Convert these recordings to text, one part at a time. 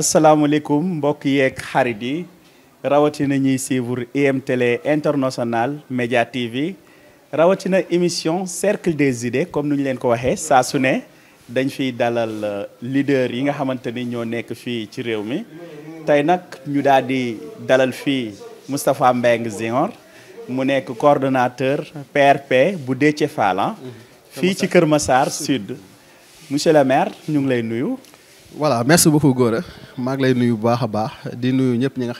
asalaamaaleykum mbokk yeeg xarit yi rawatina ñuy suivre IM Télé International Média TV rawatina émission cercle des idées comme ni ñu leen ko waxee saa su ne dañ fiy dalal euh, leader yi nga xamante ni ñoo nekk fii ci réew mi tey nag ñu daal di dalal fii Moustapha Mbengue Senghor mu nekk coordonnateur PRP bu dee Déthié Fall ah, mm-hmm. fii ci Kër Massar Sud monsieur le maire ñu ngi lay nuyu voilà merci beaucoup Gore. Je vous remercie nuyu bu baax di nuyu PRP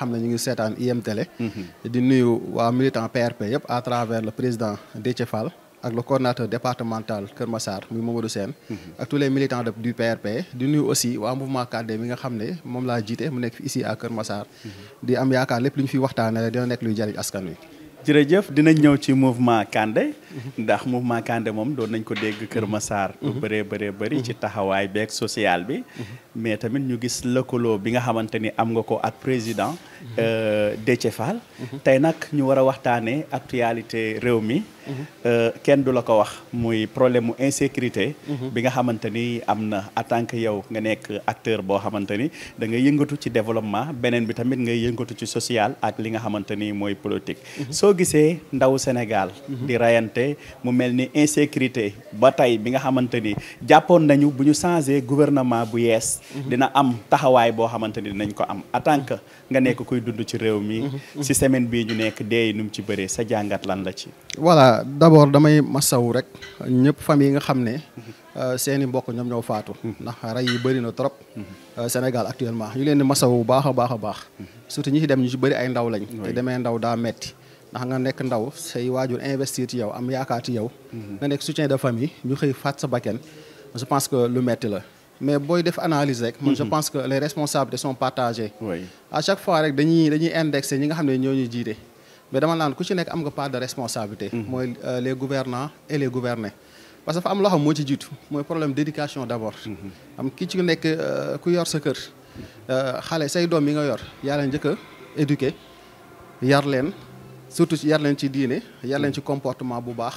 mm-hmm. à travers le président Déthié Fall le coordinateur départemental Kermassar Massar mm-hmm. tous les militants du PRP Nous aussi au mouvement cadre nga ici à Kermassar. Nous mm-hmm. avons am les de fi jërëjëf dinañ ñëw ci mouvement Kandé ndax mouvement Kandé moom doon nañ ko dégg Kër Massar lu mhm. mhm. bëree bëree bëri ci mhm. taxawaay beeg social bi mais tamit ñu gis lëkkaloo bi nga xamante ni am nga ko ak président Euh, Déthié Fall tey nag ñu war a waxtaanee actualité réew mi euh, kenn du la ko wax muy problème mu insécurité bi nga xamante ni am na en tant yow nga nekk acteur boo xamante ni da ngay yëngatu ci développement beneen bi tamit ngay yëngatu ci social ak li nga xamante ni mooy politique soo gisee ndaw Sénégal di rayante mu mel ni insécurité ba tey bi nga xamante ni jàppoon nañu bu ñu changé gouvernement bu yees dina am taxawaay boo xamante ni dinañ ko am en tant nga nekk kuy dund ci réew mi. Mhm. si semaine bii ñu nekk dee nu mu ci bëree sa jàngat lan la ci. voilà d' abord damay masawu rek ñëpp famille yi nga xam ne mhm. euh, seen i mbokk ñoom ñoo faatu. Mhm. ndax rey yi bëri na trop. Euh, Sénégal actuellement ñu leen di masawu bu baax a baax a baax. surtout ñi ci dem ñu ci bëri ay ndaw lañ. te demee ndaw daa metti ndax nga nekk ndaw say waajur investir ci yow am yaakaar ci yow. nga nekk soutien de famille ñu xëy faat sa bakkan je pense que lu metti la. mais boy def analyse rek. man je mhm. pense que les responsabilités sont partagés. oui à chaque fois rek dañuy dañuy indexé ñi nga xamné ñoo ñuy jité mais dama naan ku ci nek am nga part de responsabilité. Mhm. mooy euh, les gouvernants et les gouvernés. parce que fa am loo xam moo ci jiitu moy problème d'éducation d'abord. Mhm. am ki ci nekk euh, ku yor sa kër. Euh, xalé say doom yi nga yor yaa leen njëkk a éduquer yar len surtout yar len ci diiné yar len ci comportement bu baax.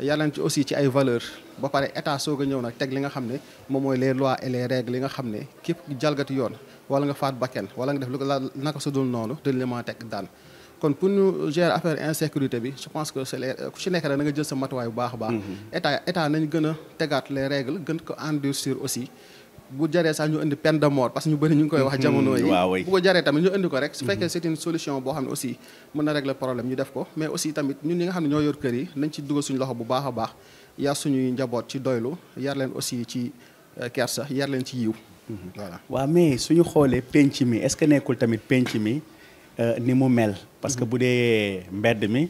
yàlla ci aussi ci ay valeur ba pare état soog a ñëw nag teg li nga xam ne moom mooy les lois et les li nga xam ne képp jalgati yoon wala nga faat bakken wala nga def lu ko la naka su dul noonu te la mën a teg daan kon pour ñu gérer affaire insécurité bi je pense que ku ci nekk rek da nga jël sa matuwaay bu baax a baax mm-hmm. état état nañ gën a tegaat les règles gën ko endurcir aussi bu jaree sax ñu indi peine de mort parce que ñu bëri ñu ngi koy wax mhm, jamono yi bu ko jaree tamit ñu indi ko rek su mhm. fekkee c'est solution boo xam ne aussi mën na régler problème ñu def ko mais aussi tamit ñun ñi xam ne ñoo yor kër yi nañ ci dugal suñu loxo bu baax baax yar suñuy njaboot ci doylu yar leen aussi ci euh, kersa yar leen ci yiw mhm. voilà waaw mais suñu xoolee penc mi est-ce que nekkul tamit penc mi euh, ni mu mel parce que bu dee mbedd mi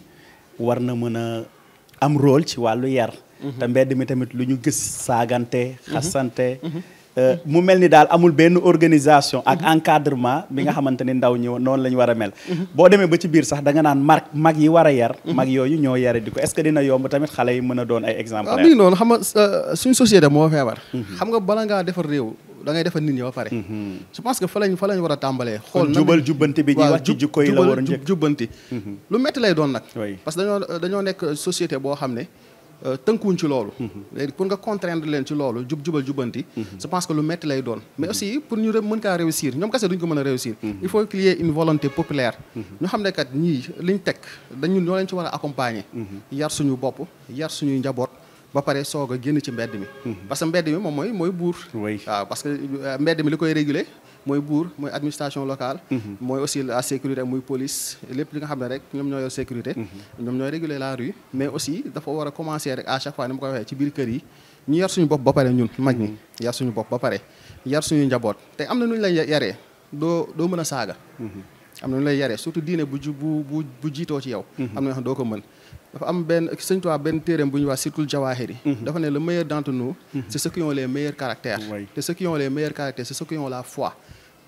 war na mën a am rôle ci wàllu yar Euh, mu mel ni daal amul benn organisation ak encadrement bi nga xamante ni ndaw ñi noonu la ñu war a mel boo demee ba ci biir sax da nga naan mag mag yi war a yar mag yooyu ñoo yare di ko est-ce que dina yomb tamit xale yi mën a doon ay exemple waaw mi noonu xam nga euh, suñu société moo feebar mhm. xam nga bala ngaa defar réew da ngay defar nit ñi ba pare mhm. je pense que fa lañ fa lañ war a tàmbalee xool jubal jubbanti bi ñuy wax ci jikko yi la war a jubbanti mhm. lu métti lay doon nag parce que dañoo euh, dañoo nekk société boo xam ne Euh, tënkuwuñ ci loolu léegi pour nga contraindre len ci loolu jub jubal jubanti mhm. je pense que lu metti lay doon mais mhm. aussi pour ñu mën ka réussir ñoom kese duñ ko mëna réussir mhm. il faut qu'il y ait une volonté populaire ñu xamné kat ñi liñ tek dañu ñoo leen ci wara accompagner yar suñu bop yar suñu njabot ba paré soga a génn ci mbéd mi parce que mbéd mi moom mooy moy bour waaw parce que euh, mbéd mi likoy réguler moy bour, moy administration locale moy mhm. aussi la sécurité moy police lepp li nga xamné rek ñom ñoy sécurité mhm. ñom ñoy réguler la rue mais aussi dafa wara commencer rek à chaque fois ni ma koy waxee ci biir kër yi ñu yar suñu bop ba paré ñun mag ñi mhm. yar suñu bop ba paré yar suñu njabot té amna na lay yaré do do mëna saga amna am lay yaré surtout diiné bu bu bu jito ci yow amna na ñoo ko mën dafa am ben seigne Tuubaa ben terem bu wa circul jawahiri dafa ne le meilleur d'entre nous c'est ceux qui ont les meilleurs caractères C'est ceux qui ont les meilleurs caractères c'est ceux qui ont la foi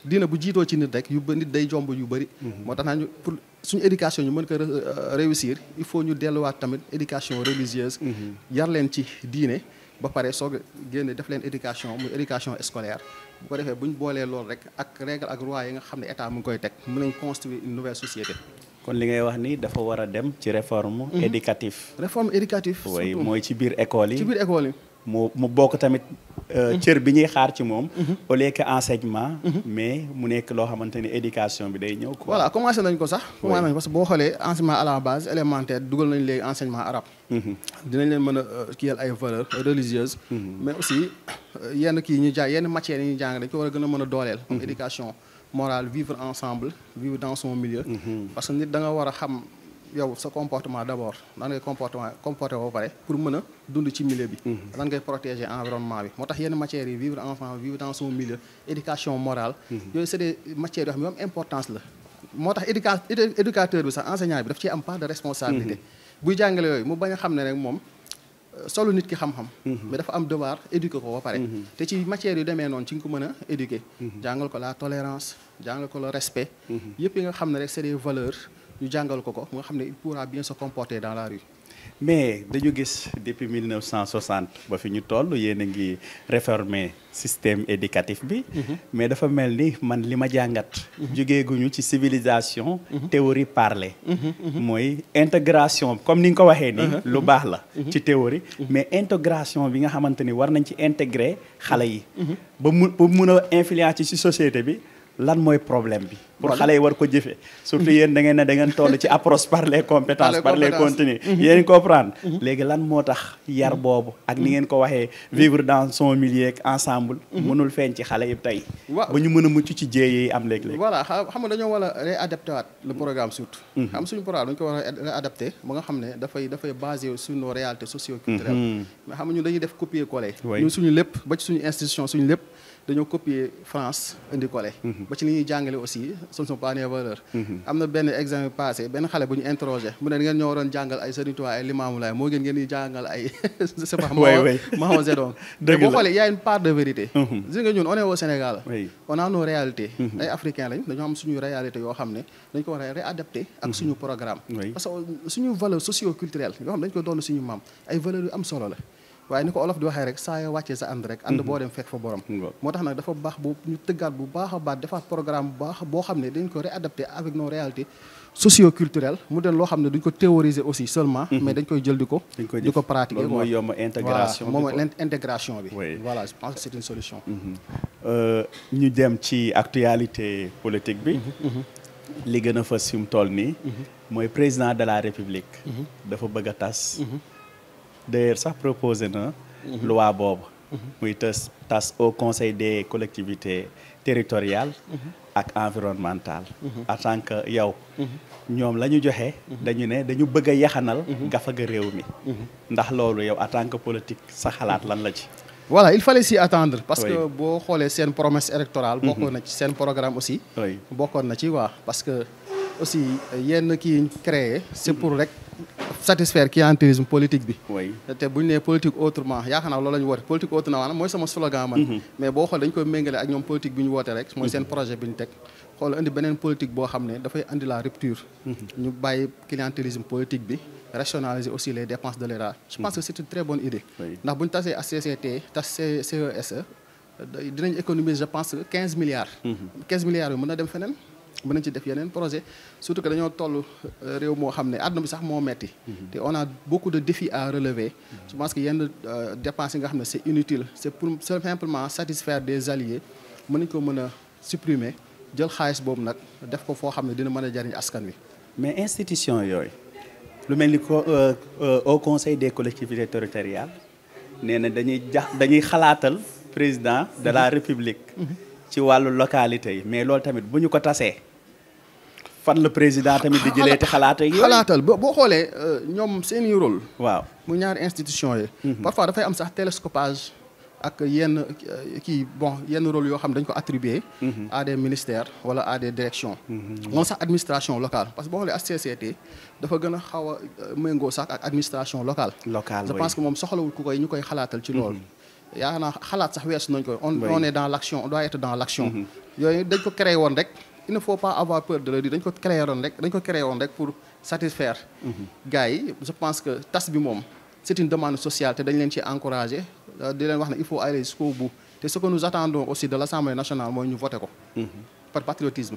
diina bu jiitoo ci nit rek yu ba nit day jomb yu bëri mhm. moo tax naa ñu pour suñu éducation ñu mën ko euh, réussir il faut ñu delluwaat tamit éducation religieuse mhm. yar leen ci diine ba pare soog génne def leen éducation muy éducation scolaire bu ko defee bu ñu boolee loolu rek ak règle ak roi yi nga xam ne état mu ngi koy teg mën nañ construire une nouvelle société kon li ngay wax nii dafa war a dem ci réforme mhm. éducative réforme éducative oui mooy ci biir école yi ci biir école yi mu mu bokk tamit euh, mhm. cër bi ñuy xaar ci moom. Mhm. au lieu que enseignement. Mhm. mais mu nekk loo xamante ni éducation bi day ñëw quoi. voilà commencé nañ ko sax. commencé nañ parce que boo xoolee enseignement à la base élémentaire dugal nañ léegi enseignement arabe. dinañ leen mën a euh, kiyal ay valeurs religieuses. mais aussi euh, yenn kii ñu jàng yenn matières yi ñuy jàng dañ ko war a gën a mën a dooleel. éducation morale vivre ensemble vivre dans son milieu. parce que nit da nga war a xam il sa comportement d'abord nan comportement pour dund ci milieu bi mhm. protéger environnement bi y yene vivre enfant vivre dans son milieu éducation morale mhm. c'est des matières importance la éducateur enseignant part de responsabilité mhm. buy jàngale yooyu mu bañ rek euh, nit ki mais éduquer matières yu ci la tolérance jàngal le respect Il yi nga des valeurs ñu jàngal ko nga il pourra bien se comporter dans la rue. mais dañu gis depuis 1960 ba fi ñu le yéen ngi réformer système éducatif bi. Mhm. mais dafa que ni man li ma jàngat. Mhm. jógeeguñu ci civilisation. Mhm. théorie parlée. mooy intégration comme nous l'avons ko c'est ni uh-huh. lu la. ci théorie mais intégration bi nga nous ni war nañ ci intégrer xale yi. ba mu ba mun a société bi lan problème bi. pour xale yi war ko jëfee surtout yéen da ngeen ne ngeen toll ci approche par les compétences par les contenus mhm. yéen comprendre mhm. Mhm. léegi lan moo tax yar boobu ak li ngeen ko waxee vivre dans son milieu ensemble mënul feeñ ci xale yi tey waaw ba ñu mën a mucc ci jéeye yi am léeg-léeg voilà xam nga dañoo war a réadapté waat le programme surtout am suñ programme dañu ko war a réadapté ba nga xam ne dafay dafay basé sur nos réalités socio-culturelles mais xam nga dañuy def copier coller ñun suñu lépp ba suñu institution suñu lépp dañoo copier France indi collé. ñuy jàngale aussi ce ne sont pas am na benn examen passé benn xale bu ñu interrogé mu ne ngeen ñoo waroon jàngal ay Serigne Touba ay Limamou Laye moo gën ngeen di jàngal ay je sais pas Mao dëgg la boo part de vérité mhm. gis nga ñun on est Sénégal on a nos mhm. ay africains lañ dañoo am suñu réalité yoo xam ne dañ ko war a adapté ak mhm. suñu programme parce que suñu valeur socio culturelle yoo xam ne dañ ko doon suñu maam ay valeurs yu am solo la waaye ni ko olof di waxee rek saa yoo wàccee sa ànd rek ànd boo dem fekk fa borom mm-hmm. moo tax nag dafa baax bu ñu tëggaat bu baax a baax defaat programme bu baax boo xam ne dañ ko réadapté avec nos réalités socio-culturelles mu den loo xam ne duñ ko théoriser aussi seulement mm-hmm. mais dañ koy jël di ko di ko pratiquer loolu mooy yomb intégration bi moom mooy je pense que c'est mm-hmm. euh, ñu dem ci actualité politique bi li gën a fës fi mu toll nii président de la république dafa bëgg a tas d'ailleurs ça propose une hein, mhm. loi Bob, qui est au conseil des collectivités territoriales et mhm. environnementales. Mhm. en tant que yow nous la dit que dañu ne dañu bëgg nous yaxanal gafaga réew mi ndax loolu yow en tant que politique ça a lan la ci voilà il fallait s'y attendre parce que boo c'est une promesse électorale bokkoon na ci programme aussi bokkoon na ci waa parce que aussi yenn y yi qui créé c'est pour rek satisfaire clientélisme politique bi oui bu buñ né politique autrement yaakaar naa loolu la politique autrement c'est moy sama slogan man mhm. mais bo xol dañ koy mengalé ak ñom politique bi woté rek moy un mhm. projet bi ñu xol andi benen une politique bo xamné da fay andi la rupture mhm. ñu bàyyi clientélisme politique bi rationaliser aussi les dépenses de l'État je pense que c'est une très bonne idée ndax bu ñu tasee CCT tas CESE e, dinañ économiser je pense 15 milliards 15 milliards yu avez fait dem mën nañ ci def yeneen projet surtout que dañoo toll euh, réew moo xam ne àdduna bi sax moo metti mhm. te on a beaucoup de défis à relever mhm. je pense que yenn euh, dépenses yi nga xam ne c'est inutile c'est pour simplement satisfaire des alliés mën nañ ko mën a supprimer jël xaalis boobu nag def ko foo xam ne dina mën a jariñ askan wi mais institution yooyu lu mel ni ko euh, au conseil des collectivités territoriales nee na dañuy jax dañuy xalaatal président de la mhm. république ci wàllu localité yi mais loolu tamit bu ñu ko tasee fan le président tamit di jëlee te xalaat ak bo xolé ñom euh, ñoom seeni rôle. waaw mu ñaar institution yi. Mhm. parfois fay am sax télescopage ak yenn euh, ki bon yenn rôle yo xam dañ ko attribuer mhm. à des ministères wala à des directions. non mhm. sax administration locale parce que bo xolé HCCT dafa gën a xaw a euh, sax ak administration locale. locale je pense que mom soxlawul ku koy ñukoy koy ci lool yaa naa xalaat sax wess nañ ko on est dans l'action, on doit être dans l'action. action. dañ ko créer won rek il ne faut pas avoir peur de le dire Nous ko créé un rek pour satisfaire mhm. gars je pense que tas bi c'est une demande sociale Nous dañ leen ci encouragé euh, il faut aller jusqu'au bout C'est ce que nous attendons aussi de l'Assemblée nationale mooy ñu voter ko mhm. par patriotisme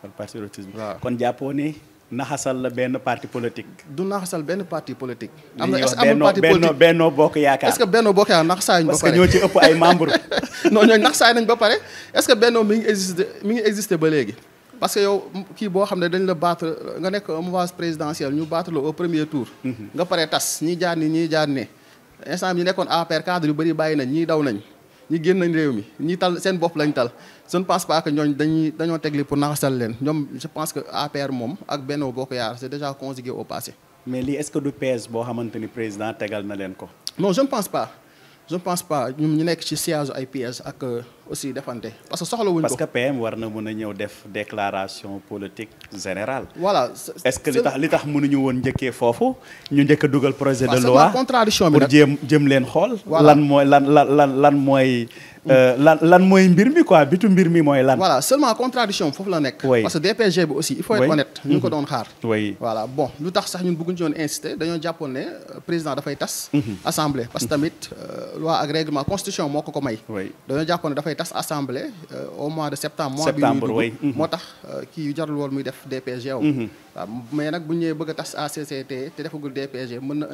par patriotisme kon les Japonais naxasal la benn parti politique. du naxasal benn parti politique. am na est-ce que amul parti politique benn benn bokk yaakaar. est-ce que benn bokk yaakaar naxsaay nañ ba pare parce que ñoo ci ëpp ay membres. non ñooñu naxsaay nañ ba pare est-ce que benn mi ngi existé mi ngi existé ba léegi. parce que yow kii boo xam ne dañ la battre nga nekk mouvance présidentielle ñu battre la au premier tour. Mhm. nga pare tas ñi jaar ni ñi jaar ne. instant bi ñu nekkoon APR cadre yu bëri bàyyi nañ ñii daw nañ ñi génn nañ réew mi ñi tal seen bopp lañ tal. je ne pense pas que ñooñu dañuy dañoo teg li pour naxasal leen ñoom je pense que APR moom ak Benno Bokk Yaakaar c'est déjà conjugué au passé. mais lii est-ce que du PS boo xamante ni président tegal na leen ko. non je ne pense pas je ne pense pas ñun ñu nekk ci siège ay PS ak euh, aussi defante parce que soxlawuñu ko. parce que PM war na mën a def déclaration politique générale. voilà est-ce que li tax li tax mënuñu woon njëkkee foofu ñu njëkk a dugal projet de loi. contradiction bi pour jéem jëm leen xool. lan mooy lan lan lan lan euh, lan quoi bitu voilà seulement contradiction la parce que DPG aussi il faut être honnête. ñu ko mhm. voilà bon lu sax ñun euh, président mhm. parce que tamit euh, loi ak règlement constitution moko ko assemblée au mois de septembre. mois bi mhm. yu jarul muy mais a ACCT té defagul DPG mëna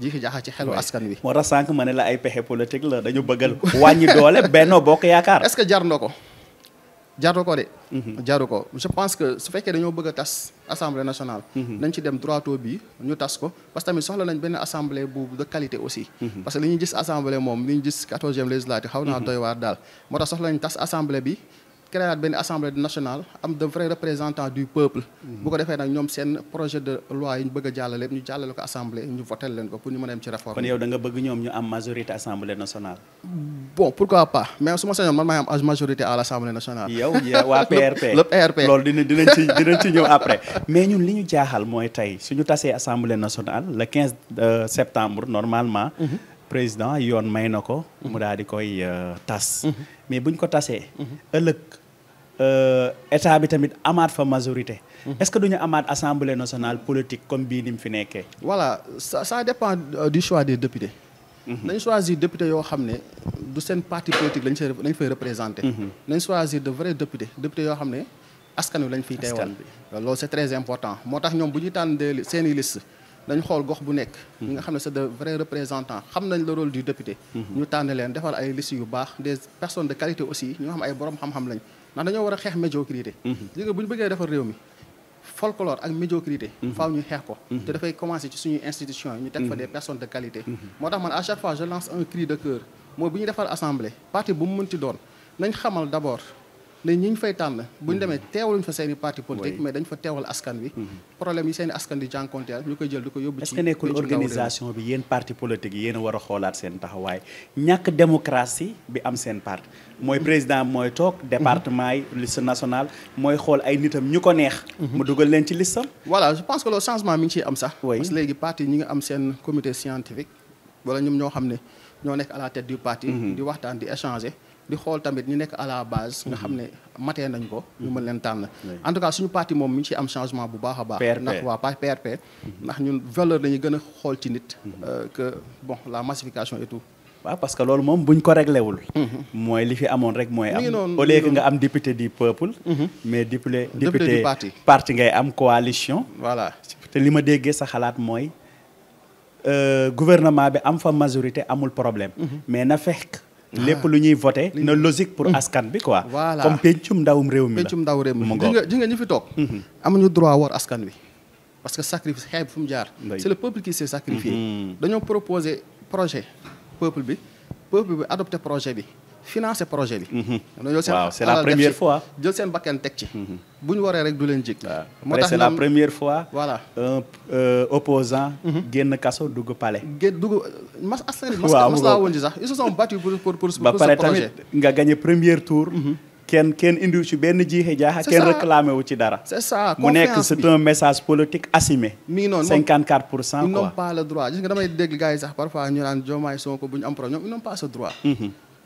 jiixi jaaxa ci xelu askan wi. moo tax sànq ma ne la ay pexe politique la dañu bëggal wàññi doole Benno Bokk Yaakaar. est-ce que jar na ko jaru ko de. Mhm. jaru ko je pense que su fekkee dañoo bëgg a tas assemblée nationale. Mhm. nañ ci dem droit au but ñu tas ko parce que tamit soxla nañ benn assemblée bu de qualité aussi. Mhm. parce que li assemblée moom li ñu gis quatorzième législature xaw naa doy daal moo tax soxla nañ tas assemblée bi. créer une assemblée nationale am de vrais représentants du peuple. bu ko defee nag ñoom un projet de loi une ñu bëgg a jàllale ñu jàllale ko assemblée ñu leen pour ñu mën a dem ci réforme. kon yow da nga bëgg ñu am majorité l'Assemblée nationale. bon pourquoi pas mais en ce moment, man suis am majorité à l'Assemblée nationale. yow waa PRP le PRP Lors dinañ dinañ ci dinañ ci ñëw après. mais ñun li ñu jaaxal mooy si suñu tasee assemblée nationale le 15 euh, septembre normalement. le mhm. président Maynoko, may na dit mu mhm. daal di koy euh, tasse. Mhm. mais buñ ko tasee. tasse, euh, état bi tamit amaat fa majorité. Mhm. est-ce que duñu amaat assemblée nationale politique comme bii ni fi voilà ça ça dépend euh, du choix des députés. Mhm. nañ choisir député yoo xam ne du seen parti politique lañ fay lañ fay représenté. Mhm. nañ choisir de vrais députés député yoo xam ne askan wi lañ fiy teewal. loolu c'est très important moo tax ñoom bu ñuy nous seen i liste. dañ xool gox bu nekk. ñi nga c'est de vrais représentants xam nañ le rôle du député. ñu tànn leen defal ay liste yu des personnes de qualité aussi nous xam ay borom xam-xam nous dañoo war a médiocrité Si ne pas réew mi folklore médiocrité mhm. faaw ñu mhm. commencer ci une institution ñu mhm. des personnes de qualité Moi, à chaque fois je lance un cri de cœur Mo bu de l'Assemblée, assemblée parti bu mu doon d'abord ne ñi fay nous mhm. fa parti politique mais dañ fa askan mhm. problème yi askan di jël est-ce que organisation bi parti politique yeen wara xolaat démocratie bi am parti mhm. président département liste nationale moy xol ay nitam neex mu leen ci voilà je pense que le changement mi ngi am parce que comité scientifique wala à la tête du parti di waxtaan di échanger di xol tamit ñu nek à la base. nga xamné maté nañ ko. ñu mën leen tànn en tout cas suñu parti mom mi ci am changement bu baaxa baax. nak wa pas PRP. ndax ñun valeur lañu gëna xol ci nit. Mhm. Euh, que bon la massification et tout. waaw parce que loolu moom buñ ko réglé wul. Mhm. mooy li fi amoon rek mooy. am au lieu que nga am député du peuple. Mhm. mais député député parti ngay am coalition. voilà te li ma déggee sa xalaat mooy euh, gouvernement bi am fa majorité amul problème. mais na fekk. Les lu ñuy voté na logique pour mm. askan bi quoi. voilà comme pencum ndawum réew mi la pencum ndaw réew mi la nga ñi fi tok mm-hmm. amuñu droit war askan wi. parce que sacrifice xeeb fu jaar. c'est le peuple qui s'est sacrifié. Mm-hmm. dañoo proposé projet peuple bi peuple bi adopté projet bi financer projet mhm. c'est la première fois c'est la première fois. un euh, opposant mhm. génn kaso dugg gagné premier tour. dara. c'est ça c'est un message politique assumé. quoi. ils pas le droit ils n'ont pas ce droit. Mhm.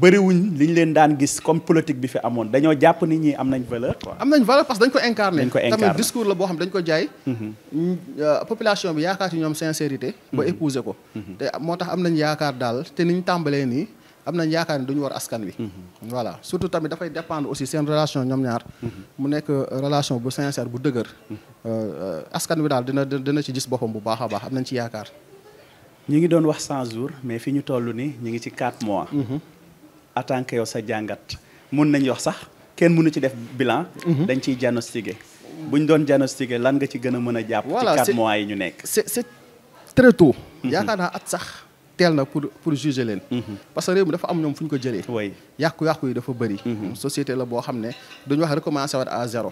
bëriwuñ li ñu leen daan gis comme politique bi fi amoon dañoo jàpp ni ñi am nañ valeur quoi. am nañ valeur parce que dañ ko incarné. dañ ko incarné tamit discours la ko jaay. Mhm. Euh, population bi yaakaar ci ñoom sincérité. ba mhm. épouser ko. Mhm. te moo tax am nañ yaakaar daal te ni tàmbalee nii. am nañ yaakaar ne duñu war askan wi. voilà surtout tamit dafay dépendre aussi seen relation ñoom ñaar. mu nekk euh, relation bu sincère bu dëgër. Euh, askan wi daal dina dina ci gis boppam bu baax a baax am nañ ci yaakaar. ñu ngi doon wax 100 jours mais fi ñu toll ni ñu ngi ci 4 mois. Mhm. en tant que yow sa jàngat mun nañu wax sax kenn mënu ci def bilan. Mhm. dañ ciy diagnostiquer buñ doon diagnostiquer lan nga ci gën a mën a jàpp. ci 4 mois yi ñu nekk. c'est très tôt. Mhm. yaakaar at sax teel na pour pour juger leen. parce que réew mi dafa am ñoom fu ko jëlee. oui yàqu-yàqu yi dafa société la ne wax recommencer waat à zéro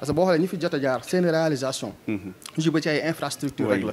parce que ñi fi a jaar seen réalisation. ñu ci ay infrastructure rek la.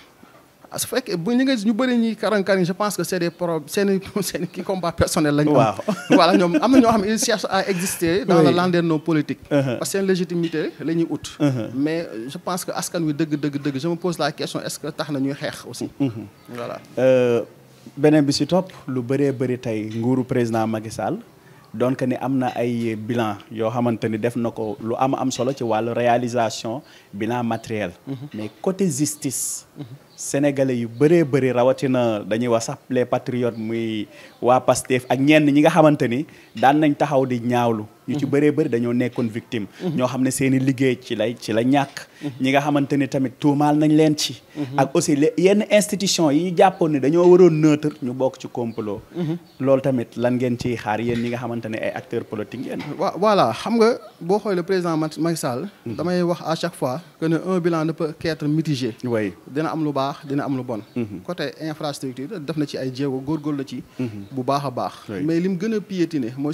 Ah, su fekkee bu ñu nga ñu bëri ñuy je pense que c'est des problèmes seen seen ki combat personnel lañ voilà ñoom am na ñoo xam ne ils cherchent à exister dans le nos politique uh-huh. parce que seen légitimité la ñuy ut uh-huh. mais je pense que askan wi dëgg dëgg dëgg je me pose la question est-ce que tax na ñuy xeex aussi uh-huh. voilà euh, beneen bi si topp lu bëree bëri tey nguuru président Macky Sall doon que ni am na ay bilan yoo xamante ni def na ko lu am am solo ci wàllu réalisation bilan matériel mais côté justice sénégalais yu bëree bëri rawatina dañuy wax sax les patriotes muy waa Pastef ak ñenn ñi nga xamante ni daan nañ taxaw di ñaawlu yu ci bëree bëri dañoo nekkoon victime mhm. ñoo xam ne seen i liggéey ci lay ci la ñàkk ñi nga xamante ni tamit tuumaal nañ leen ci mhm. ak aussi yenn institution yi ñu jàppoon ni dañoo waroon neutre ñu bokk ci complot mhm. loolu tamit lan ngeen ciy xaar yéen ñi nga xamante ne ay acteurs politiques yéen waaw voilà xam nga boo xoolee le président Macky Sall damay wax à chaque fois que ne un bilan ne peut qu'être mitigé oui lu baax dina am lu bon côté infrastructure def na ci ay jéego góorgóorlu ci bu baax a baax mais lim gën a piétiner mooy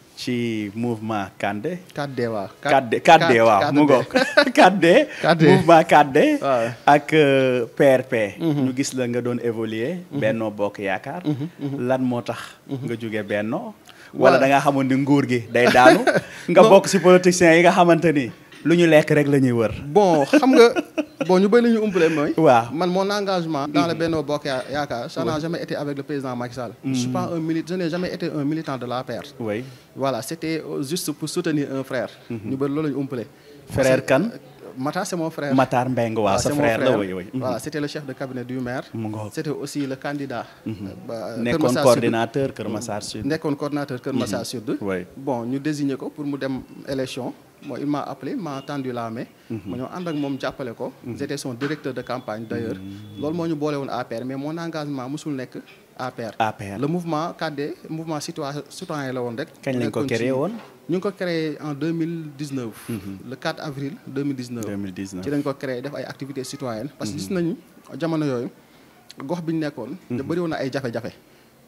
ci mouvement Kande. 4D waaw 4D 4D waaw mu ngoog 4D. mouvement 4 ak PRP. Euh, mhm. ñu gis la nga doon évoluer. Mhm. Benno Bokk Yaakaar. Mhm. lan moo tax. nga jóge Benno wala da nga xamoon ni nguur gi day daanu. nga bokk ci politiciens yi nga xamante ni. luñu lek rek lañuy wër. bon xam nga bon ñu bay la ñuy umpale mooy. man mon engagement. dans le Benno Bokk Yaakaar ça n'a jamais été avec le président Macky Sall. je suis hmm. pas un militant je n'ai jamais été un militant de la oui voilà c'était juste pour soutenir un frère. Hmm. ñu bëri loolu la frère kan. Euh, Matar c'est mon frère. Matar Mbengue c'est sa frère oui hmm. c'était le chef de cabinet du maire. c'était aussi le candidat. n'est coordinateur Kermassar Massar Sud. n'est coordinateur Kër Massar Sud. bon nous désigné ko pour mu dem élection il m'a appelé, m'a entendu la ma entendu mhm. mhm. son directeur de campagne d'ailleurs. Mhm. mais mon engagement musul le mouvement KD le mouvement citoyen citoyen la créé en 2019. le 4 avril 2019. 2019 ci créé des activités citoyennes. parce que nous, nañu jamono gox avons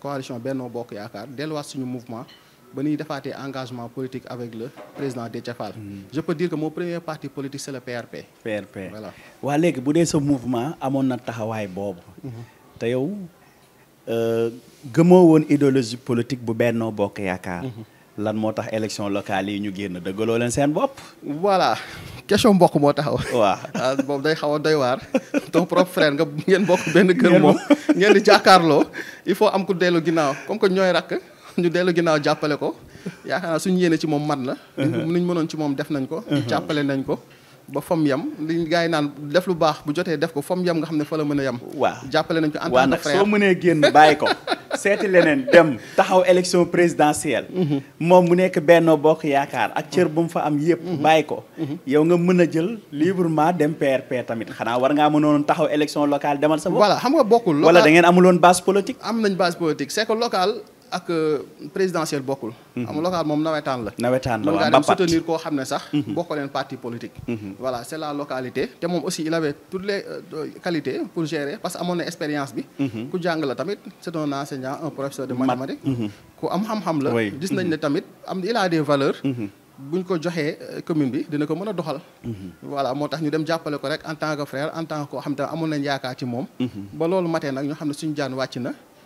coalition Benno Bokk Yakar, delluwaat suñu mouvement ba fait un engagement politique avec le président Déthié hmm. je peux dire que mon premier parti politique c'est le PRP. PRP voilà. waa léegi ce mouvement amoon na taxawaay boobu. Hmm. te yow euh, gëmoo woon idéologie politique bu Benno Bokk lan moo tax élection locale yi ñu génn dëggaloo leen seen bopp. voilà question mbokk moo taxaw. waaw moom ah, day xaw a doy waar. ton propre frère nga ngeen bokk benn kër moom. ngeen di jàkkaarloo. il faut am ku dellu ginnaaw comme que ñooy rakk ñu dellu ginnaaw jàppale ko yaakaar naa suñu yéene ci moom mat la. Uh-huh. nuñ mënoon ci moom def nañ ko. Uh-huh. jàppale nañ ko. ba fam yam li gars yi naan def lu baax bu jotee def ko fom yam nga xam ne fa la mën a yam waaw jàppale nañ ko en tant que frère ko seeti leneen dem taxaw élection présidentielle mhm. moom mu nekk Benno Bokk Yaakaar ak cër bu mu fa am yëpp mhm. bàyyi ko mhm. yow nga mën a jël librement dem PRP tamit xanaa war ngaa mënoon taxaw élection locale demal sa bopp voilà am nañ base politique c'est local ak euh, présidentielle bokkul. Mhm. am local mom nawetaan la. nawetaan la waaw dem soutenir ko xam sax. Mhm. bokk parti politique. Mhm. voilà c'est la localité. té mom aussi il avait toutes les euh, qualités pour gérer parce que amoon expérience bi. ku jàng la tamit c'est un enseignant un professeur de mathématique. ku am xam-xam la. gis nañ ne tamit am il a des valeurs. buñ ko joxé euh, commune bi dina ko mëna doxal. voilà motax ñu dem jappalé ko rek en tant que frère en tant que koo xam te amoon nañ yaakaar ci moom. ba lolu maté nak ñu xam suñu jaan wàcc na.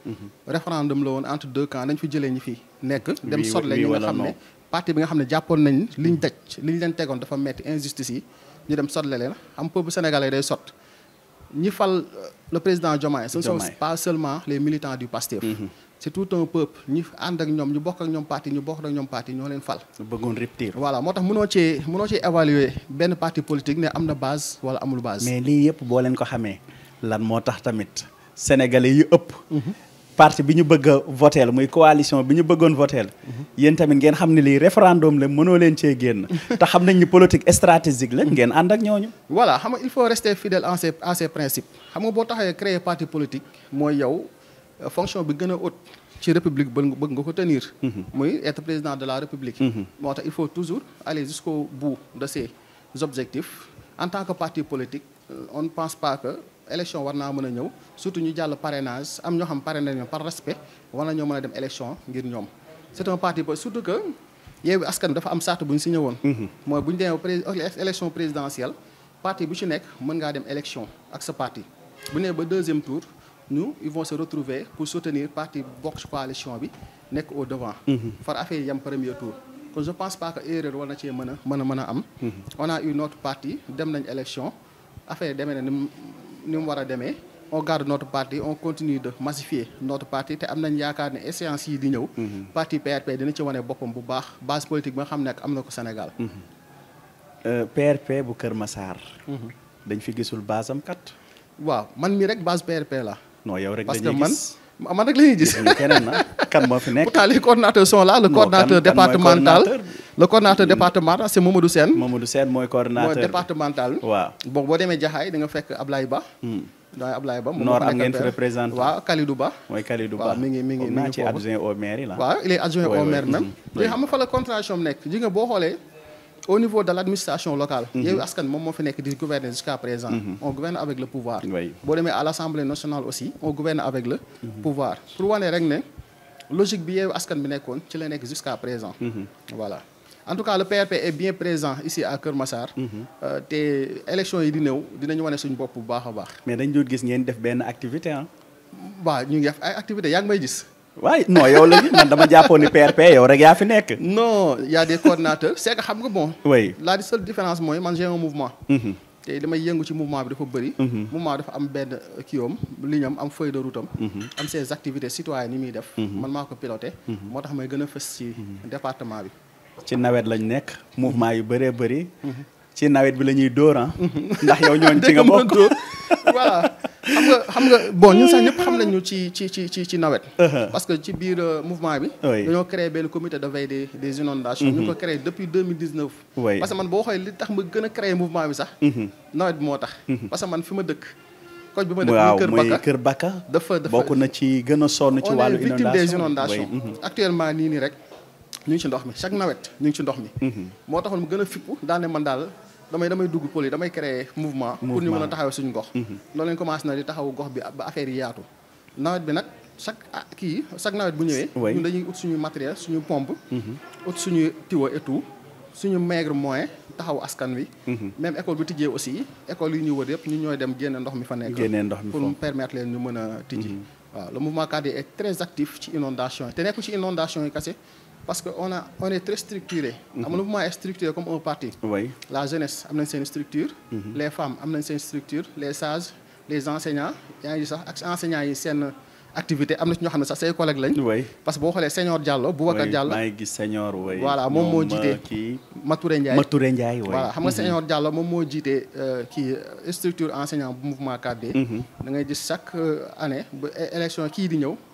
Mm-hmm. référendum la entre deux camps dañ fi jëlé ñi fi nek dem sotle ñi nga xamné parti bi nga xamné ne nañ liñ daj liñ leen téggon dafa metti injustice yi ñu dem sotle leen am peuple sénégalais day sot ñi fal euh, le président Diomaye ce sont pas seulement les militants du PASTEF mm-hmm. c'est tout un peuple ñi and ak ñom ñu bokk ak parti ñu bokk ak parti ñoo leen fal bëggoon rupture voilà motax mëno ci mëno ci évaluer ben parti politique né am base wala amul base mais li yépp bo leen ko xamé lan motax tamit sénégalais yu ëpp mm-hmm. parti bi ñu bëgg a voteel muy coalition bi ñu bëggoon voteel mhm. yéen tamit ngeen xam ne lii référendum la mënoo leen cee génn te xam nañ politique stratégique la mhm. ngeen ànd ak ñooñu voilà xam il faut rester fidèle en ces en xam nga boo taxee créer parti politique mooy yow euh, fonction bi gën a ci république bëgg nga ko tenir mhm. muy être président de la république moo tax il faut toujours aller jusqu'au bout de ses objectifs en tant que parti politique euh, élection war naa mën ñëw surtout ñu jall parrainage am ñoo xam parrainage par respect war na ñoo dem élection ngir ñom c'est un parti ba surtout que Yewwi Askan dafa am charte buñ ñu signé woon mhm. mooy bu élection présidentielle parti bu ci nek mën nga dem élection ak sa parti bu né ba deuxième tour nous, ils vont se retrouver pour soutenir parti box ci coalition bi nek au devant mhm. far affaire yam premier tour kon je pense pas que erreur wala na cee mën am mhm. on a une autre parti dem nañ élection affaire demee na ni mu war a on garde notre parti on continue de massifier notre parti te am nañ yaakaar ne échéances yi di ñëw mhm. parti PRP dina ci wane boppam bu baax base politique ba nga xam ne am ko Sénégal PRP mhm. euh, bu Kër Massar mhm. dañ fi gisul base am kat waaw man mi rek base PRP la non yow rek parce que man man rek la ñuy gis keneen na kan moo fi nekk pourtant les coordonnateurs sont là le coordinateur départemental le coordinateur départemental c'est Momodou Mamadou Momodou Mamadou Sène coordinateur départemental. waaw bon boo demee Jaxaay da nga fekk Ablaye Ba. waaw hmm. Ablaye Ba moom moo am ngeen fi représentant waaw Kalidou Ba. moy Kalidou Ba ci adjoint au maire là waaw il est adjoint au maire même. mais hmm. xam nga fa la contraction am nekk ji nga boo xoolee. au niveau de l'administration locale. Hmm. il Askan moom moo fi nekk di gouverner jusqu'à présent. on gouverne avec le pouvoir. boo mais à l'Assemblée nationale aussi on gouverne avec le pouvoir pour les rek logique bi Yewwi Askan bi nekkoon ci la nekk jusqu' présent. voilà en tout cas le PRP est bien présent ici à Kër Massar. Mhm. Euh, te élection yi di néew dinañu wane suñu bopp bu baax a mais dañ doon gis ngeen def benn activité Hein? waaw ñu ngi def ay activité yaa ngi may gis. waaye non yow la man dama jàppoon ni PRP yow rek ya fi nek. non il y a des coordinateurs c'est que xam nga bon. oui la seule différence moy man j'ai un mouvement. Hmm. Té may yëngu ci mouvement bi dafa bëri. Mhm. mouvement dafa am ben kiiwam ligne am am feuille de route am. Mhm. am ses activités citoyennes ni mi def. man mako piloter. piloté. moo tax may gën a ci département bi. ci nawet lañ nekk mouvement yu bëree bëri. ci nawet bi la ñuy dóor ah. ndax yow ñooñu ci nga bokk voilà xam nga xam nga bon ñun sax ñëpp xam nañu ci ci ci ci ci nawet. Uh-huh. parce que ci biir euh, mouvement bi. dañoo créé benn comité de veille des des inondations. Uh-huh. ñu ko créé depuis 2019. oui man boo xoolee li tax ma gën a créé mouvement bi sax. Uh-huh. nawet bi moo tax. parce que man fi ma dëkk. koñ bi ma dëkk muy Kër Bakka dafa dafa bokk na ci gën a sonn ci wàllu inondation actuellement nii nii rek. ñu ngi ci ndox mi chaque navette ñu ngi ci ndox mi. Mhm. moo taxoon mu gën a fippu daal man daal damay damay dugg poli damay créer mouvement. pour ñu mën taxaw suñu gox. Mhm. loolu lañ commencé na di taxaw gox bi ba affaire yi yaatu. nawet bi nak chaque ah, ki chaque nawet bu ñëwé ñun dañuy ut suñu matériel suñu pompe. Mhm. ut suñu tuyau et tout suñu maigre moyen taxaw askan wi. même école bi tijjee aussi école yi ñu wër yëpp ñun ñoy dem génne ndox mi fa nekk. génne ndox pour permettre leen ñu mën a tijji. le mouvement cadre est très actif ci inondation té te nekku ci inondation yi kese parce qu'on on est très structuré. Mhm. Un mouvement est structuré comme un parti. Oui. La jeunesse, a une structure. Mhm. Les femmes, ont une structure. Les sages, les enseignants, les enseignants, ont une activité. C'est collègues. Oui. Parce que les seigneurs Seigneur Diallo, Boubacar Diallo. Oui, Seigneur, oui. Voilà, mon mot dit. Euh, Matouré Ndiaye. Matouré Ndiaye, oui. Voilà, mm -hmm. Seigneur Diallo, mon mot dit qui structure enseignant mouvement 4D. Mm -hmm. Chaque euh, année, e-, élection qui est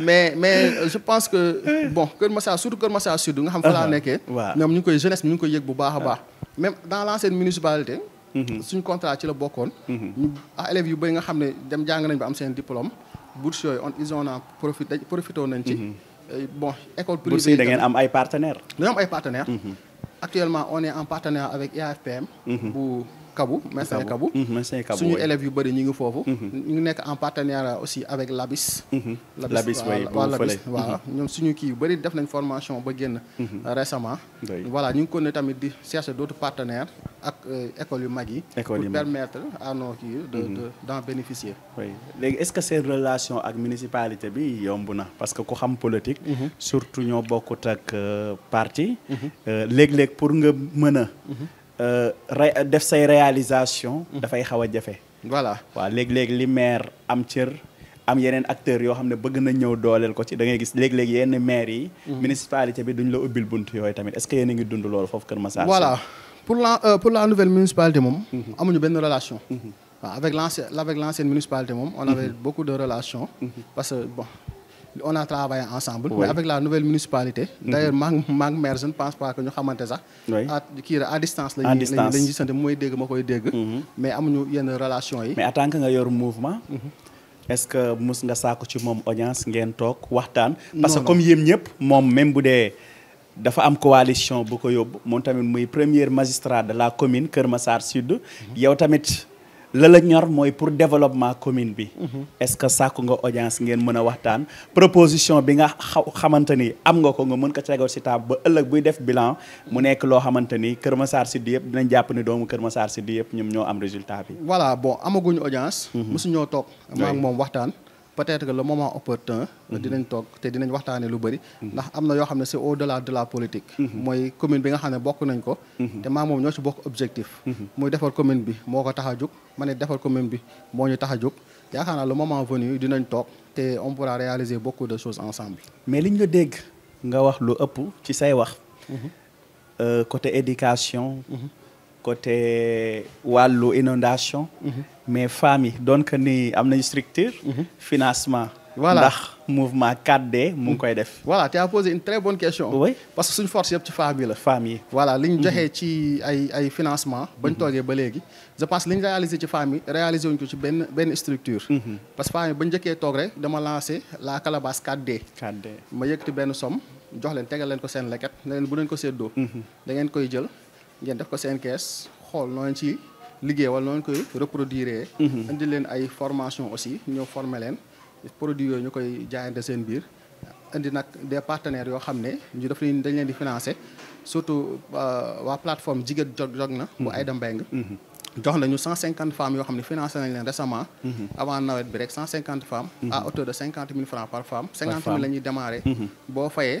mais mais euh, je pense que bon c'est surtout Kër c'est Sud nga xam fa laa uh-huh. ñu jeunesse uh-huh. même dans l'ancienne municipalité. Uh-huh. suñu contrat ci la bokkoon. ñu élèves yu nga xam diplôme. bourse on ils ont profité profit nañ bon école privée bourse partenaires. nous am ay partenaires. actuellement on est en partenariat avec IAFPM kabu médecin kabu mhm, médecin kabu suñu élèves yu bëri ñu ngi foofu mhm. ñu nekk en partenariat aussi avec l'ABIS mhm. l'ABIS waa l'ABIS waaw ñoom suñu kii yu bëri def nañ formation ba euh, récemment voilà nous connaissons tamit di chercher d'autres partenaires ak euh, école yu pour permettre à nos kii de d'en bénéficier Oui. est-ce que cette relation ak municipalité bi yomb parce que ku xam politique surtout ñoo bokkut ak euh, parti léeg-léeg pour nga mën euh, euh, def say réalisation mhm. da fay xawa jafé voilà wa lég lég li maire am cër am yenen acteurs yo xamné bëgg na ñëw dolel ko ci da ngay gis lég lég yenn maire yi mhm. municipalité bi duñ la ubil buntu yoy tamit est-ce que yéen ngi dund loolu fofu Kër massa voilà pour la euh, pour la nouvelle municipalité mom mhm. amuñu benn relation waaw avec l'ancien avec l'ancienne municipalité mom on avait beaucoup de relations parce que bon on a travaillé ensemble. mais avec la nouvelle municipalité. Mhm. D'ailleurs, Mang maa je ne pense pas que ñu xamante ça à à distance. la ñuy la ñuy gisante mooy dégg mhm. mais amuñu yenn relation yi. mais en tant que nga yor mouvement. Mhm. est-ce que mus nga saako ci mom audience ngén tok waxtan parce que comme yéen ñep mom même bu dee. dafa am coalition bu ko yob mon tamit premier magistrat de la commune Kër Massar Sud. yow tamit. la la mooy pour développement commune bi. est-ce que sàkku nga audience ngeen mën a waxtaan proposition bi nga xaw xamante ni am nga ko nga mën ko tegal ci table ba ëllëg buy def bilan mu nekk loo xamante ni Kër Massar Sud yëpp dinañ jàpp ni doomu Kër ma Massar Sud yëpp ñoom ñoo am résultat bi. voilà bon amaguñu audience. Mhm. mosu ñoo toog. maa ngi moom waxtaan. peut-être que le moment opportun mhm. nous toog te dinañ waxtaane lu bëri mhm. ndax am na yoo c'est au-delà de la politique mhm. mooy commune bi nga xam ne bokk nañ ko te maa moom ñoo ci bokk objectif muy defar commune bi moo ko tax je jóg ma commune bi moo ñu tax a jóg le moment venu dinañ toog te on pourra réaliser beaucoup de choses ensemble mais liñ la dégg nga wax lu ëpp ci say wax euh, côté éducation côté l'eau, inondation mhm. mais famille donc ni amna une structure mhm. financement voilà mouvement 4D mon mhm. koy def voilà tu as posé une très bonne question oui parce que suñ force yëpp ci femmes la famille. voilà li joxé ci ay ay financement bañ togé ba légui je pense li réaliser ci famille réaliser réalisé wuñ ko ci ben ben structure parce que famille, bañ jëké tok rek dama lancé la calabasse 4D 4D ma yëkkati ben somme jox leen tégal leen ko sen leket ne leen bu leen ko séddoo da ngeen koy jël ngeen def ko seen kees xool noonu ci liggéey wala noonu koy reproduire. andi mhm. leen ay formation aussi ñoo former leen produit yooyu ñu koy jaayante seen biir andi nag des partenaires yoo xam ne ñu daf leen dañ leen di financer surtout euh, waa plateforme jigéen jog jog na bu mhm. Aïda Mbengue mhm. jox nañu 150 femmes yoo xam ne financé nañ leen récemment. avant nawet bi rek 150 femmes. à hauteur de 50 000 francs par femme. 50 000 la ñuy démarrer. boo fayee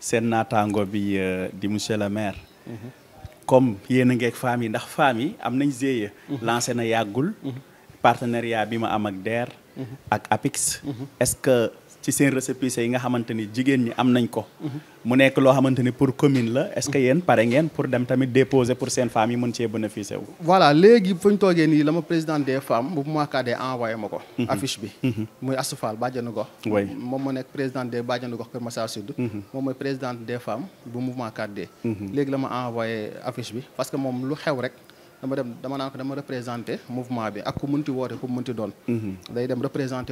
seen naataango bi euh, di monsieur le maire. Mhm. comme yéen a ngeeg femmes yi ndax femmes yi am nañ GIE. Mhm. lancé na yàggul. Mhm. partenariat bi ma am ak DER. ak APIX. est que ci seen récépissé yi nga xamante jigéen ñi am nañ ko mu nekk loo xamante pour commune la est-ce que yéen pare ngeen pour dem tamit déposer pour seen femmes yi mën cee bénéficier wu voilà léegi fu toogee nii la ma président des femmes bu mu de envoyé ma ko mhm. affiche bi mhm. muy Asoufal Badianu Gox moom moo nekk président des Badianu Gox Kër Massar Sud mhm. moom mooy présidente des femmes bu mouvement 4D léegi la ma envoyé affiche bi parce que moom lu xew rek Je dem dama naan représenter le mouvement bi ak ku munti woote ku munti mhm. day dem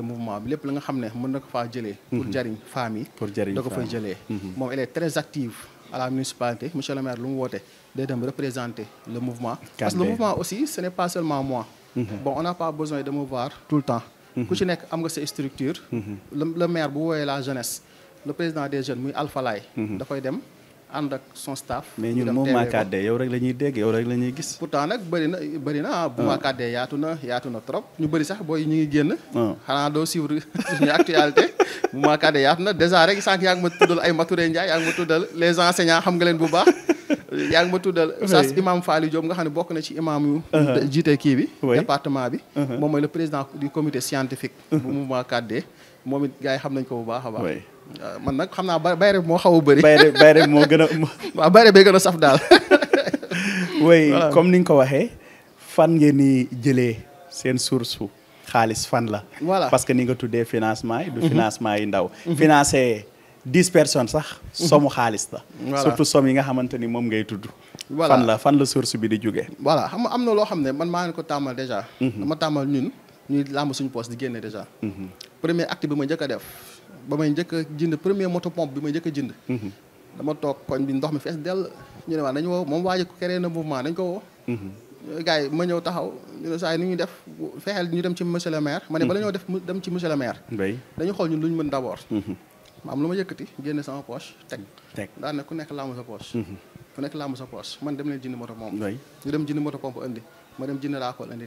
mouvement bi lépp la nga xam ne mën na ko pour gérer, mhm. femmes pour da ko mhm. elle est très active à la municipalité monsieur le maire lu mu woote day dem représenter le mouvement parce que le mouvement aussi ce n'est pas seulement moi bon on n'a pas besoin de me voir tout le temps ku ci am structure le maire bu la jeunesse le président des jeunes Alpha Alpha Laye dafay dem ànd ak son staff. mais ñun moom Makadé yow rek la ñuy dégg yow rek la ñuy gis. pourtant nag bëri na bëri na ah, bu ah. Makadé yaatu na yaatu na trop. ñu bëri sax booy ñu ngi génn. Ah. xanaa doo suivre suñu actualité bu Makadé yaatu na dèjà rek sànq yaa ngi ma tuddal ay Maturé Ndiaye yaa ngi ma tuddal les enseignants xam nga leen bu baax. yaa ngi ma tuddal sas imam Fallou Diop nga xam ne bokk na ci imam yu uh-huh. jiite kii bi département bi uh-huh. moom mooy le président du comité scientifique uh-huh. bu mouvement a Uh, man nag xam naa bayre moo xaw a bëri. bayre bayre moo gën ah, bayre bee gën saf daal. comme ko fan ngeen ni jëlee seen source khalis fan la. voilà parce que ni nga tuddee financement yi. du mhm. financement yi ndaw. Mhm. financé dix personnes sax. Mhm. somu xaalis la. surtout som yi nga xamante ni moom ngay tudd. voilà fan la fan la source bi di jógee. voilà xam nga am na man maa ko tàmmal dèjà. dama tàmmal ñun ñuy làmb suñu poste di premier acte bi ma def. ba may njëkk a jënd premier moto pompe bi may njëkk a jënd mhm. dama toog koñ bi ndox mi fees dell ñu ne waa nañu woo moom waa ji ko na mouvement nañ ko woo mhm. gars yi ma ñëw taxaw ñu ne saa yi def fexeel ñu dem ci monsieur le ma ne bala mhm. ñoo def dem ci monsieur le maire dañu xool ñun lu ñu mën d'abord ma lu ma yëkkati génne sama poche teg teg ku nekk laamu sa poche ku nekk laamu sa poche man dem leen jënd moto pompe ñu dem jënd moto pompe indi ma dem jënd laakool indi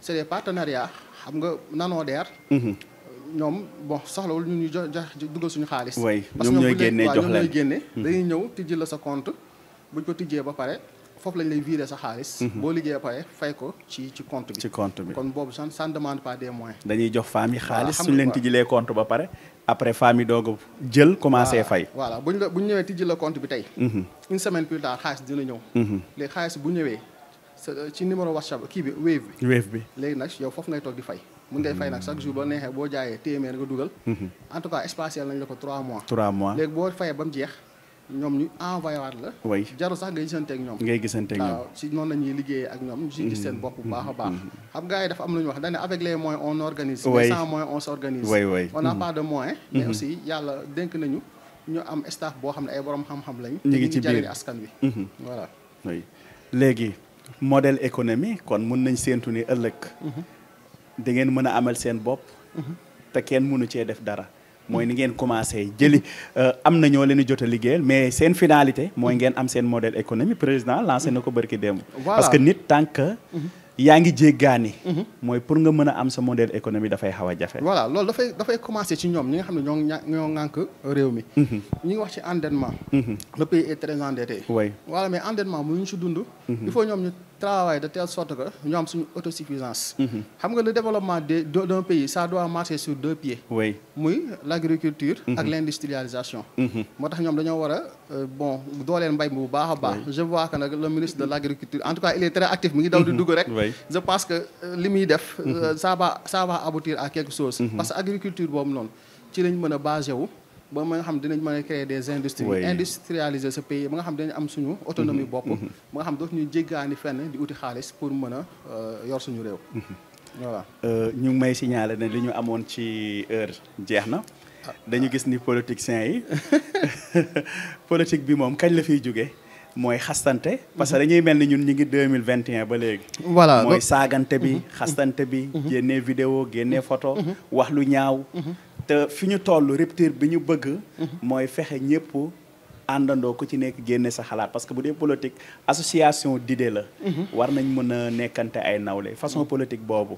c'est des partenariats xam nga nanodeer mhm. ñoom bon soxlawul ñu ñu jox dugal suñu xaalis. oui ñoom ñooy génne jox leen parce que ñoom ñooy génne. Mhm. dañuy ñëw tijji la sa compte buñ ko tijjee ba pare foofu lañ lay virer sa xaalis. Mhm. boo liggéey ba pare fay ko ci ci compte bi. ci compte bi kon boobu san ça demande pas des moyens. dañuy jox femmes yi xaalis suñ leen lee compte ba pare après femmes yi doog jël commencé fay. voilà buñ la buñ ñëwee tijji la compte bi tey. une semaine plus tard xaalis dina ñëw. léegi Euh, ci numéro whatsapp kii bi wave bi. wave bi léegi nag yow foofu ngay toog di fay. mun ngay fay nag chaque jour ba neexee boo jaayee téeméer nga dugal. Mhm. en tout cas spatial nañ la ko 3 mois. 3 mois léegi boo fayee ba mu jeex. ñoom ñu envoyé la. jarul sax ngay gisante ñoom. ngay gisante ñoom waaw si noonu la liggéeyee ak ñoom. ñu si gis seen bopp baax baax. Mhm. xam gars yi dafa am lu wax dañ ne avec les moyens on organise. oui sans moyens on s'organise. n'a mhm. pas de moyens. boo xam ne ay borom xam-xam lañ. ñu ngi ci modèle économique kon mun nañ séentu ni ëllëg mhm. da ngeen mën a amal seen bopp mhm. te kenn mënu cee def dara mooy ni ngeen commencé jëli euh, am na ñoo leen jot a liggéeyal mais seen finalité mooy ngeen am seen modèle économique président lancé na ko bërki démb parce que nit tant mhm. yaa ngi jéggaani. Mhm. mooy pour nga mën a am sa modèle économique dafay xaw a jafe. voilà loolu dafay dafay commencer ci ñoom ñi nga xam ne ñoo ñoo réew mi. Mhm. ñi ngi wax ci endettement. Mhm. le pays est très endetté. oui mais endettement mu ñu si dund. il faut ñoom travail de telle sorte que nous avons une autosuffisance. Mhm. le développement d'un pays ça doit marcher sur deux pieds. oui l'agriculture. et mhm. l'industrialisation. Mhm. Euh, je vois que le ministre de l'agriculture en tout cas il est très actif je pense que euh, euh, ça va ça va aboutir à quelque chose. parce que l'agriculture, c'est une base ba nga xam dinañ mën a créer des industries industrialiser ce pays ba nga xam dinañ am suñu autonomie mhm. bopp mhm. ba nga xam dootu ñu jéggaani fenn di uti xaalis pour mën a euh, yor suñu réew mhm. voilà euh, ñu may signaler ne li ñu amoon ci heure jeex na ah. dañu gis ni politiciens yi politique bi moom kañ la fiy jóge mooy xastante parce que dañuy mel ni ñun ñu ngi deux mille vingt et ba léegi. voilà mooy saagante bi xastante bi. génnee vidéo génnee photo wax lu ñaaw. te fi ñu toll rupture bi ñu bëgg. Mhm. mooy faire ñëpp àndandoo ci nekk génne sa xalaat parce que bu politique association d'idée la. Mhm. war nañ mëna a nekkante ay nawlé façon politique bobu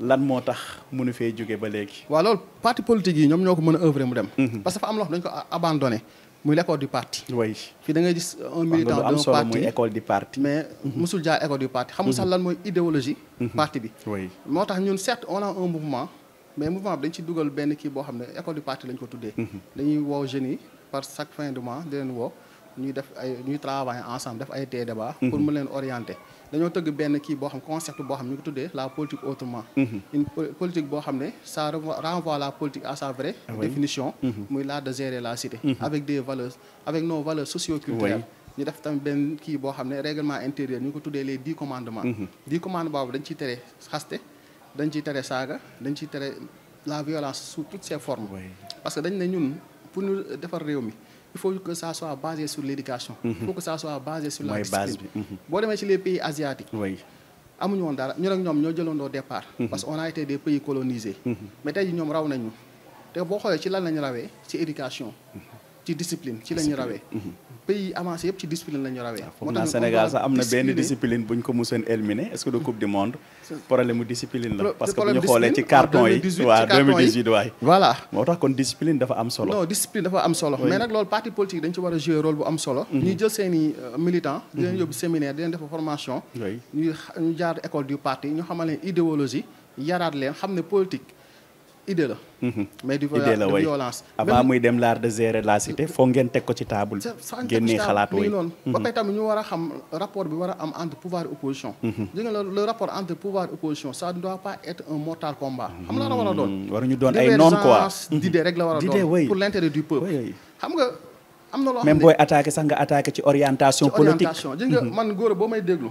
lan motax mënu fé jóge ba légui wa lol parti politique yi ñoom ñoo ko œuvrer mu dem. Mhm. parce que fa am loo xam dañu ko abandonné muy l'école du parti. oui fi da nga gis un militant d'un parti muy école du parti. mais musul jaar école du parti. xamul sax lan moy idéologie. parti bi. oui motax ñun certes on a un mouvement mais mouvement bi dañ ci dugal benn kii boo xam ne école du parti lañ ko tuddee. Mhm. dañuy woo génie par chaque fin de mois di leen woo ñuy def ay ñuy travailler ensemble def ay té débat mhm. pour mu leen orienter dañoo tëgg benn kii boo xam concept boo xam ñu ko tuddee la politique autrement. Mhm. une politique boo xam ne ça renvoie la politique à sa vraie ah définition. muy l'art de gérer la cité. avec des valeurs avec nos valeurs socioculturelles ñu def tam benn kii boo xam ne règlement intérieur ñu ko tuddee les 10 commandements. 10 commandements boobu dañ ci tere xaste dañ ci téré saga dañ ci téré la violence sous toutes ses formes. parce que dañ né ñun pour nous defar réew mi il faut que ça soit basé sur l'éducation, mhm. il faut que ça soit basé sur la discipline. Mhm. bo demee ci les pays asiatiques. amuñu on dara ñun ak ñom ñoo jëloon doo départ. Mhm. parce qu'on a été des pays colonisés. mais tay jii ñoom raw nañu té bo xolé ci lan lañu rawé ci éducation. ci discipline ci lañu rawee pays avancé yëpp ci discipline la ah, ñu rawee. moo tax Sénégal sax amna na discipline buñ ko musoon éliminer est-ce que du coupe du monde. problème discipline la. parce que bu ñu xoolee ci carton yi 2018 waay. voilà moo tax kon discipline dafa am solo. non discipline dafa am solo. mais nak lool parti politique dañ ci wara jouer rôle bu am solo. Mhm. ñuy jël seen euh, militants. di leen mhm. yob séminaire di leen def formation. ñuy ñu jaar école du parti ñu xamal idéologie yaraat leen xamné politique. idée la. Mhm. mais di muy dem l'art de gérer la cité foog ngeen teg ko ci table. génnee xalaat wooyi noonu. Mhm. ba ñu war a xam rapport bi war a am entre pouvoir et opposition. dégg mhm. nga le rapport entre pouvoir et opposition ça ne pas être un mortal combat. xam nga la war a doon. doon ay noon quoi d'idée rek la pour l'intérêt du peuple. xam nga am na loo xam ne même booy attaqué sax nga attaqué ci orientation politique. ci orientation gis nga man góor boo may déglu.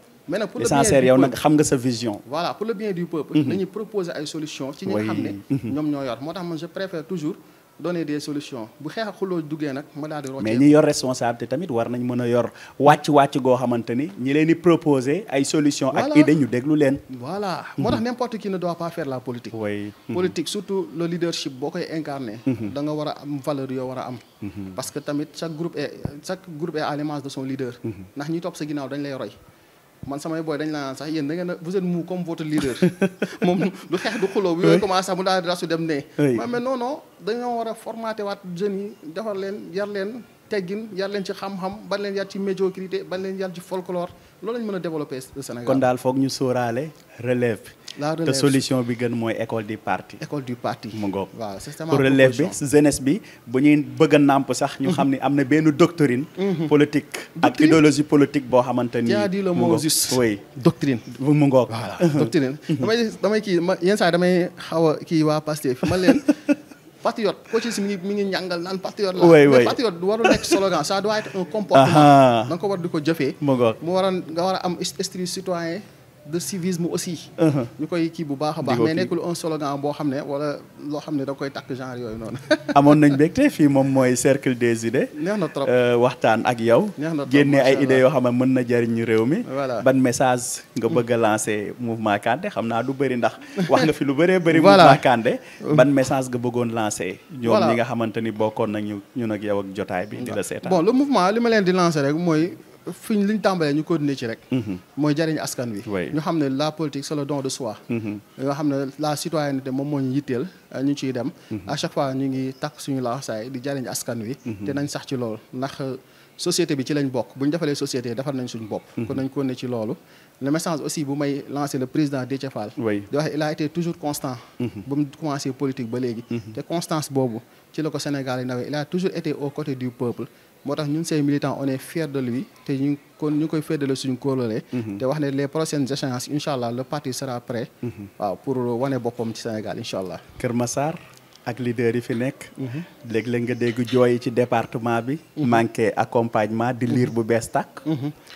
mais nag pour le bien yow xam nga sa vision. voilà pour le bien du peuple. Mhm. dañuy proposer ay solutions. ci ñi nga xam ne mhm. ñoom yor man je préfère toujours donner des solutions bu xeex ak xuloo duggee nag ma daal di. mais ñi yor responsabilité tamit war nañ mëna yor wàcc wàcc go, xamanteni ñi leen proposer ay solutions. ak idée ñu déglu leen. voilà motax mhm. n'importe qui ne doit pas faire la politique. oui politique surtout le leadership boo incarner incarné. da nga wara am valeur yo wara am. parce que tamit chaque groupe est chaque groupe est à l'image de son leader. ndax ñi top sa ginaaw dañ lay roy man samay boy dañ la sax yeen da ngeen vous êtes mou comme votre leader Vous du xex du xuloo bu Vous commencé mu rasu dem ne mais non non Vous war formaté wat Vous yi vous len yar len teggin yar Vous ci xam-xam ban len yar ci médiocrité ban len yar ci folklore loolu lañ mën a développer Sénégal. kon daal foog ñu sóoraale relève bi. te solution bi gën mooy école du parti. école du parti mu ngoog. pour relève bi jeunesse bi bu ñuy bëgg a nàmp sax. ñu xam ni am na benn doctrine. Mhm. politique ak idéologie politique boo xamante ni. yaa di doctrine. mu ngoog doctrine. damay kii yenn saa damay xaw a kii waa Pastef ma leen. patriote ko mu ngi mi ngi njàngal naan patriote la mais patriote warul nekk slogan ça doit être un comportement da ko war di ko jëfee mu war nga war a am esprit citoyen de civisme aussi. Uh-huh. ñu koy kii bu baax a baax. mais nekkul un slogan boo xam ne wala loo xam ne da koy takk genre yooyu noonu. amoon nañ mbégte fii moom mooy cercle des idées. neex na euh, waxtaan ak yow. neex na trop génne ay idées yoo xam ne mën na jariñ ñu réew mi. ban message nga bëgg a lancer mouvement Kandé xam naa du bëri ndax wax nga fi lu bëree bëri. mouvement Kandé euh. ban message nga bëggoon lancer. ñoom ñi nga xamante ni bokkoon nañu ñu ak yow ak jotaay bi. di la seetaan Nous liñ tambalé ñu ci rek. Mhm. askan la politique c'est le don de soi. Mhm. Nous avons la citoyenneté moom moñ ñu euh, ci dem. Mhm. à chaque fois ñu ngi suñu di askan wi. nañ sax ci euh, société bi ci lañ société nañ suñu nañ ci le message aussi bu may lancé le président il a été toujours constant. bu mu commencé politique ba légui té constance Sénégal il a toujours été aux côtés du peuple motax ñun say militants on est fier de lui te ñu kon ñu koy féddale suñu kóolale mhm. te wax né les prochaines échéances inshallah le parti sera prêt mhm. waaw pour wane bopom ci Sénégal incha allah Kër Massar ak leader yi fi nek mhm. léeg-léeg nga dégg joy ci département bi manqué accompagnement di lire bu bees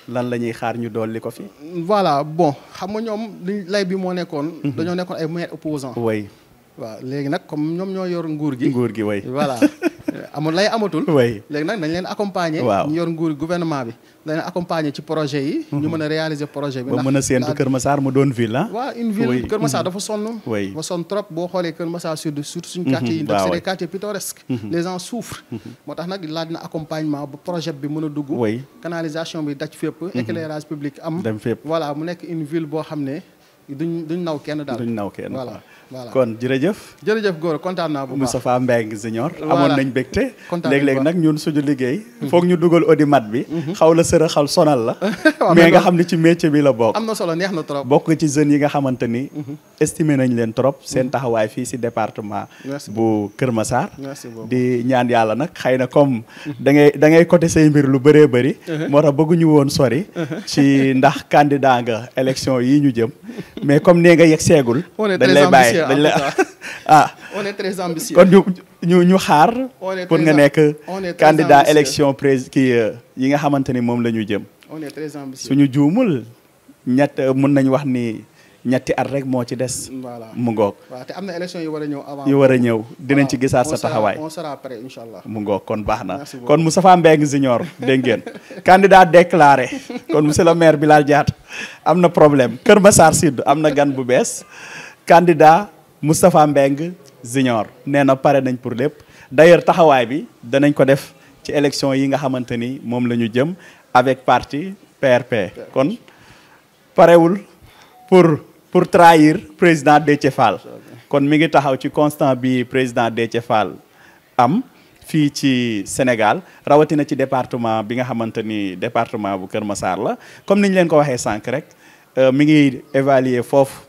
lan la xaar ñu doli ko fi voilà bon xam nga ñom lay bi mo nekkoon dañu nekkoon ay maire opposant oui waaw léegi nag comme ñoom ñoo yor nguur gi. nguur gi way voilà amul lay amatul. way léegi nag nañ leen accompagner. waaw yor nguur gouvernement bi. dañ accompagner ci projet yi. Mhm. ñu mën a réaliser projet bi. ndax ba mën a séentu Kër Massar mu doon ville ah. waaw une ville Kër Massar mhm. dafa sonn. way dafa sonn trop boo xoolee Kër Massar sud suñ suñu mhm. yi. waaw waaw c'est des quartiers pittoresques. les gens souffrent. moo tax nag laaj na accompagnement ba projet bi mën a dugg. way canalisation bi daj fépp. éclairage public am. dem fépp voilà mu nekk une boo xam ne duñ duñ naw kenn daal. duñ naw kenn voilà voilà kon jërëjëf. jërëjëf góor kontaan naa bu baax Moustapha Mbengue Junior. amoon nañ bégte. kontaan léeg nag ñun suñu liggéey. Mhm. foog ñu dugal audimat bi. Mhm. xaw la sërëxal sonal la. mais nga xam ne ci métier bi la bokk. am na solo neex na trop. bokk ci jeunes yi nga xamante ni. Mhm. nañ leen trop. seen taxawaay fii si département. bu Kër Massar. di ñaan yàlla nag xëy na comme. da ngay da ngay côté say mbir lu bëree bëri. moo tax bëgguñu woon sori. ci ndax candidat nga élection yi ñu jëm. mais comme nee nga yegg seegul dañ lay bàyyi dañ la ah on est très ambitieux kon ñu ñu ñu xaar pour nga nekk candidat élection prési ki euh, yi nga xamante ni moom la ñu jëm on est suñu juumul ñett euh, mën nañ wax ni ñetti at rek moo ci des mu ngoog waaw te am na élection yu war ñëw avant war a ñëw dinañ ci gisaat sa taxawaay on sera prêt incha allah mu ngoog kon baax na kon Moustapha Mbengue Junior dégg ngeen candidat déclaré kon monsieur le maire Bilal jaat am na problème Kër Massar Sud am na gan bu bees candidat Moustapha Mbeng Junior nee na pare nañ pour lépp d'ailleurs taxawaay bi danañ ko def ci élection yi nga xamante ni moom la ñu jëm avec parti PRP kon parewul pour pour trahir président de Fall kon mi ngi taxaw ci constant bi président Déthié Fall am fii ci Sénégal rawatina ci département bi nga xamante ni département bu Kër Massar la comme niñ ñu leen ko waxee sànq rek euh, mi ngi évaluer foofu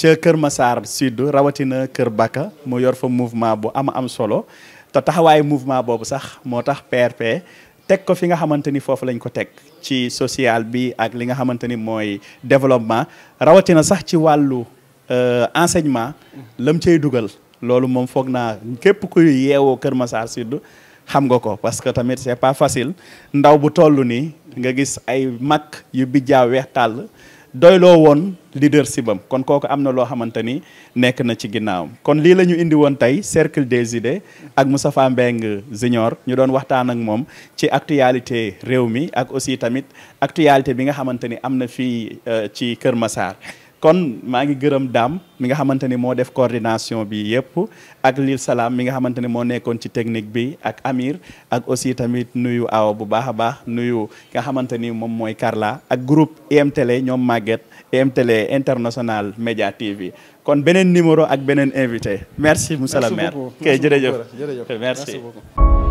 ca Kër Massar Sud rawatina Kër Baka mu yor fa mouvement bu am am solo te taxawaayu mouvement boobu sax moo tax PRP teg ko fi nga xamante ni lañ ko teg ci social bi ak li nga xamante ni mooy développement rawatina sax ci wàllu euh, enseignement lam dugal loolu moom foog naa képp kuy yeewoo Massar Sud xam nga ko parce que tamit c'est pas facile ndaw bu toll nii nga gis ay mak yu bijjaa weex doyloo woon leadership sibam kon kooku am na loo xamante ni nekk na ci ginnaawam kon lii la ñu indi woon tey cercle des idées ak Moustapha Mbengue Junior ñu doon waxtaan ak moom ci actualité réew mi ak aussi tamit actualité bi nga xamante ni am na fii euh, ci Kër Massar kon maa ngi gërëm daam mi nga xamante ni moo def coordination bi yëpp ak lil salaam mi nga xamante ni moo nekkoon ci technique bi ak Amir ak aussi tamit nuyu awa bu baax a baax nuyu nga xamante ni moom mooy Carla ak groupe IM ñoom màgget IM international média TV kon beneen numéro ak beneen invité merci monsieur le maire kay jërëjëf merci beaucoup